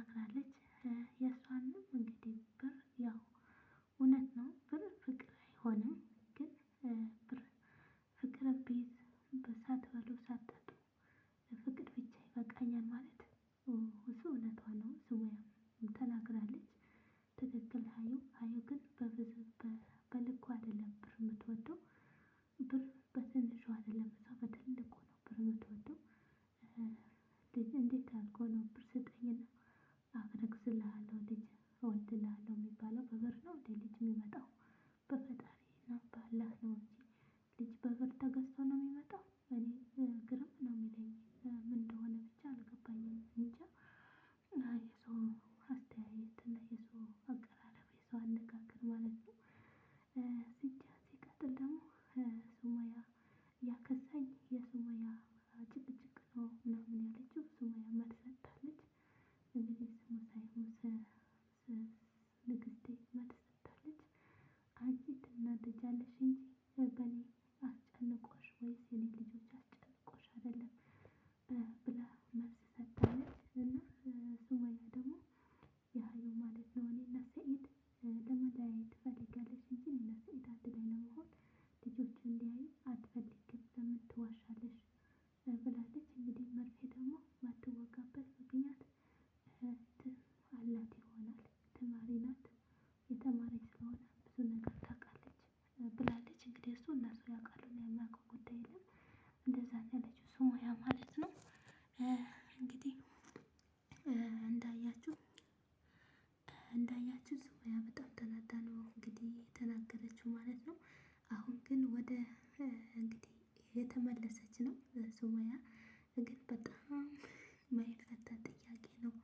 ተናግራለች። የእሷንም እንግዲህ ብር ያው እውነት ነው፣ ብር ፍቅር አይሆንም። ግን ብር ፍቅር ቤት ሳትበሉ ሳትጠጡ ፍቅር ብቻ ይበቃኛል ማለት እሱ እውነቷ ነው። ስሙያም ተናግራለች። ትክክል ሀዩ ሀዩ ግን በብዙ በልኩ አይደለም ብር የምትወደው ብር በትንሹ አይደለም እሷ በትልቁ ነው ብር የምትወደው። እንዴት አድርጎ ነው ብር ስጠኝ ያከሳኝ የሱሙያ ጭቅጭቅ ነው ምናምን ያለችው ሱሙያ መልስ ሰጥታለች። እንግዲህ ንግስቴ መልስ ሰጥታለች። አንቺ ትናደጃለሽ እንጂ በእኔ አስጨንቆሽ ወይስ የኔ ልጆች አስጨንቆሽ አይደለም ብላ መልስ ሰጥታለች። እና ሱሙያ ደግሞ የሀዩ ማለት ነው እኔና ሰኢድ ለመለያየት ትፈልጋለች እንጂ እኔና ሰኢድ አንድ ላይ ለመሆን ልጆች እንዲያዩ አትፈልግም። ትዋሻለሽ ብላለች። እንግዲህ መርፌ ደግሞ ባትወጋበት ምክንያት አላት ይሆናል። ተማሪ ናት። የተማረች ስለሆነ ብዙ ነገር ታውቃለች ብላለች። እንግዲህ እሱ እነሱ ያውቃሉ፣ የሚያውቀው ጉዳይ የለም። እንደዛ ያለችው ሙያ ማለት ነው። እንግዲህ እንዳያችሁ እንዳያችሁ በጣም ተናዳ ነው እንግዲህ የተናገረችው ማለት ነው። አሁን ግን ወደ ሱማያ ግን በጣም ማይፈታ ጥያቄ ነው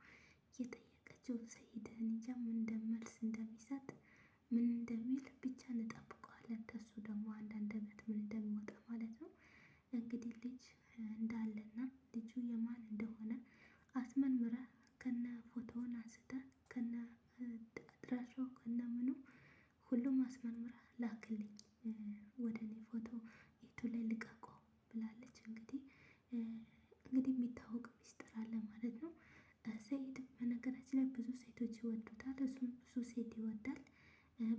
የጠየቀችው። ሰኢድ እንጃ ምን እንደመልስ እንደሚሰጥ ምን እንደሚል ብቻ እንጠብቀዋለን። ከሱ ደግሞ አንዳንድ ነገር ምን እንደሚወጣ ማለት ነው። እንግዲህ ልጅ እንዳለና ልጁ የማን እንደሆነ አስመርምራ ከነ ፎቶውን አንስተ ከነ አድራሻው ከነ ምኑ ሁሉም አስመርምራ ላክልኝ ወደ እኔ ሰኢድ በነገራችን ላይ ብዙ ሴቶች ይወዱታል። እሱም ብዙ ሴት ይወዳል።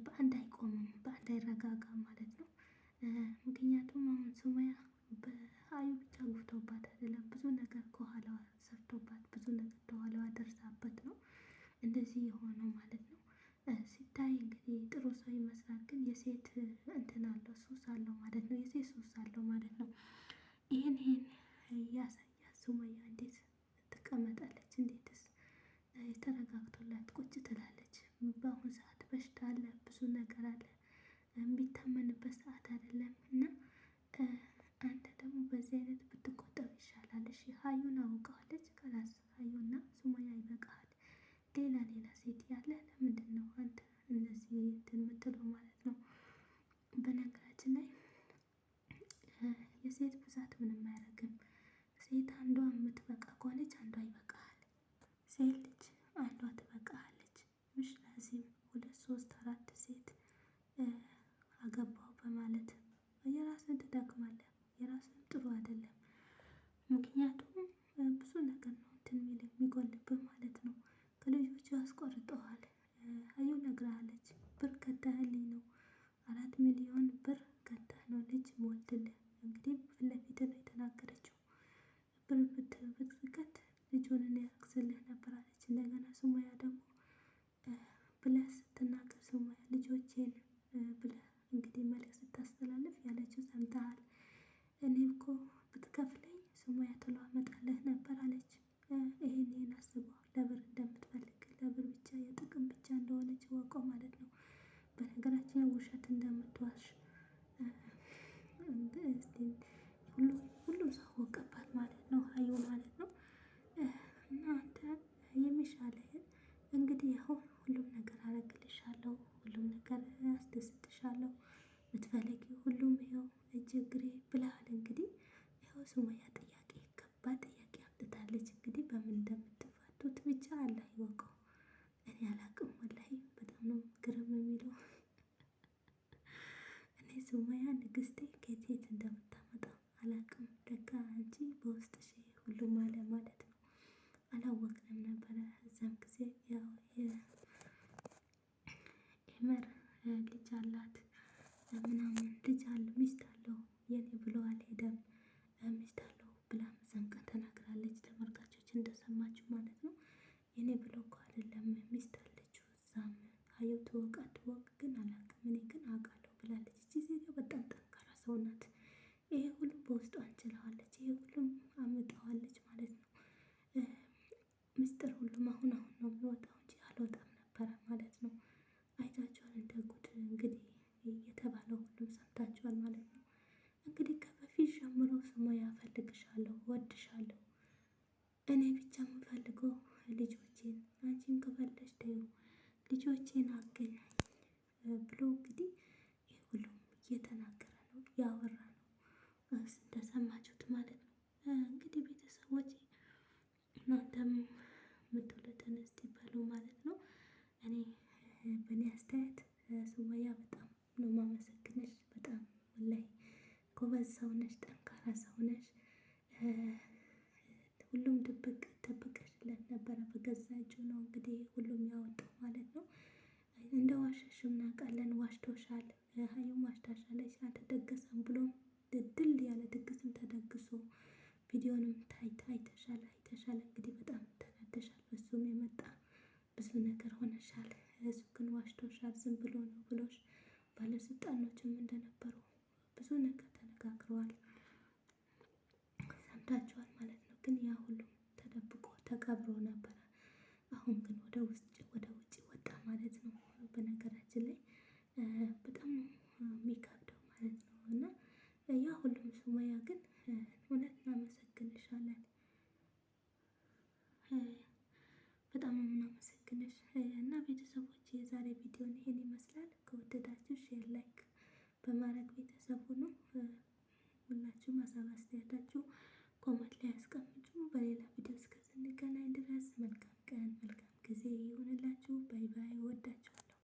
በአንድ አይቆምም፣ በአንድ አይረጋጋም ማለት ነው። ምክንያቱም አሁን ሱመያ በሀዩ ብቻ ጉፍቶባት አይደለም፣ ብዙ ነገር ከኋላዋ ሰርቶባት፣ ብዙ ነገር ከኋላዋ ደርሳበት ነው እንደዚህ የሆነው ማለት ነው። ሲታይ እንግዲህ ጥሩ ሰው ይመስላል፣ ግን የሴት እንትን አለው፣ ሱስ አለው ማለት ነው። የሴት ሱስ አለው ማለት ነው። ይህን ይህን ያሳያል። ሱመያ እንዴት ትቀመጣለች? ተረጋግቶላት ቁጭ ትላለች። በአሁኑ ሰዓት በሽታ አለ፣ ብዙ ነገር አለ፣ የሚታመንበት ሰዓት አይደለም እና አንተ ደግሞ በዚህ አይነት ብትቆጠብ ይሻላል። እሺ ሀዩን አውቀዋለች። ከራስ ሀዩና ሱመያ ይበቃሃል። ሌላ ሌላ ሴት ያለ ለምንድን ነው አንተ እነዚህ እንትን የምትለው ማለት ነው። በነገራችን ላይ የሴት ብዛት ምንም አያደርግም። ሴት አንዷ የምትበቃ ከሆነች አንዷ ይበቃል። ሴት ሞልድልን እንግዲህ ፊት ለፊት ነው የተናገረችው። ብትቀት ልጁን ሊያረግዝልህ ነበር አለች። እንደገና ሱማያ ደግሞ ብለህ ስትናገር ሱማያ ልጆቼን ብለህ እንግዲህ መልዕክት ስታስተላልፍ ያለችው ሰምተሃል። እኔ እኮ ብትከፍለኝ ሱማያ ቶሎ አመጣልህ ነበር አለች። ይሄን ይህን አስበው ለብር እንደምትፈልግ ለብር ብቻ የጥቅም ብቻ እንደሆነች ወቀው ማለት ነው። በነገራችን ውሸት እንደምትዋሽ ሁሉም ሰው አወቀባት ማለት ነው፣ ሀዩ ማለት ነው። እና አንተ የሚሻለህን እንግዲህ ያው ሁሉም ነገር አረግልሻለሁ፣ ሁሉም ነገር አስደስትሻለሁ፣ ምትፈልጊ ሁሉም ይኸው እጅ እግሬ ብለሃል። እንግዲህ ይኸው ሱመያ ጥያቄ ከባድ ጥያቄ አምጥታለች። እንግዲህ በምን እንደምትፋቱት ብቻ አላህ ይወቀው። እኔ አላቅም ወላሂ በጣም ነው ግርም የሚለው እኔ ሱመያ ትዕግስቴ ከየት እንደምታመጣ አላቅም። ለካ አንቺ በውስጥ ሺ ሁሉም አለ ማለት ነው። አላወቅንም ነበረ። እዛም ጊዜ ያው የኤመር ልጅ አላት ምናምን ልጅ አለ ሚስት አለው የኔ ብሎ አልሄደም ሚስት አለው ብላ ዘንቃ ተናግራለች። ተመልካቾች እንደሰማችሁ ማለት ነው። የኔ ብሎ እኮ አይደለም ሚስት አለችው። እዛም አየው ትወቅ አትወቅ ግን አላቅም። እኔ ግን አውቃለሁ ምስጢር ሁሉም አሁን አሁን ነው የሚወጣው እንጂ አልወጣም ነበረ ማለት ነው። አይታችኋል እንደ እንግዲህ የተባለው ሁሉም ሰምታችኋል ማለት ነው። እንግዲህ ከበፊት ጀምሮ ስሙያ እፈልግሻለሁ፣ ወድሻለሁ፣ እኔ ብቻ የምፈልገው ልጆቼን፣ አንቺን ከፈለሽ ተይው፣ ልጆቼን አገናኝ ብሎ እንግዲህ ይህ ሁሉም እየተናገረ ነው እያወራ ነው እንደሰማችሁት ማለት ነው። እንግዲህ ቤተሰቦች እናንተም ተነስቲ በሉ ማለት ነው። እኔ በእኔ አስተያየት ሱመያ በጣም ነው ማመሰግነሽ። በጣም ወላሂ ጎበዝ ሰው ነሽ፣ ጠንካራ ሰው ነሽ። ሁሉም ድብቅ ደብቀሽለት ነበረ። በገዛ እጁ ነው እንግዲህ ሁሉም ያወጣው ማለት ነው። እንደ ዋሸሽ እናውቃለን። ዋሽቶሻል፣ ሀይም ዋሽታሻለች። አልተደገሰም ብሎም ድል ያለ ድግስም ተደግሶ ቪዲዮንም ታይተሻል። ይሆነሻል፣ ህዝብ ግን ዋሽቶሻል፣ ዝም ብሎ ነው ብሎሽ ባለስልጣኖችም እንደነበሩ ብዙ ነገር ተነጋግረዋል። ሰምታችኋል ማለት ነው። ግን ያ ሁሉም ተደብቆ ተቀብሮ ነበረ። አሁን ግን ወደ ውጭ ወደ ውጭ ወጣ ማለት ነው። በነገራችን ላይ በጣም ነው የሚከብደው ማለት ነው እና ያ ሁሉም ሱማያ ግን የዛሬ ቪዲዮን ይሄን ይመስላል። ከወደዳችሁ ሼር፣ ላይክ በማድረግ ቤተሰብ ሁኑ። ሁላችሁም ሀሳብ አስተያየታችሁ ኮመንት ላይ አስቀምጡ። በሌላ ቪዲዮ እስከ ድረስ መልካም ቀን፣ መልካም ጊዜ ይሁንላችሁ። ባይ ባይ። እወዳችኋለሁ።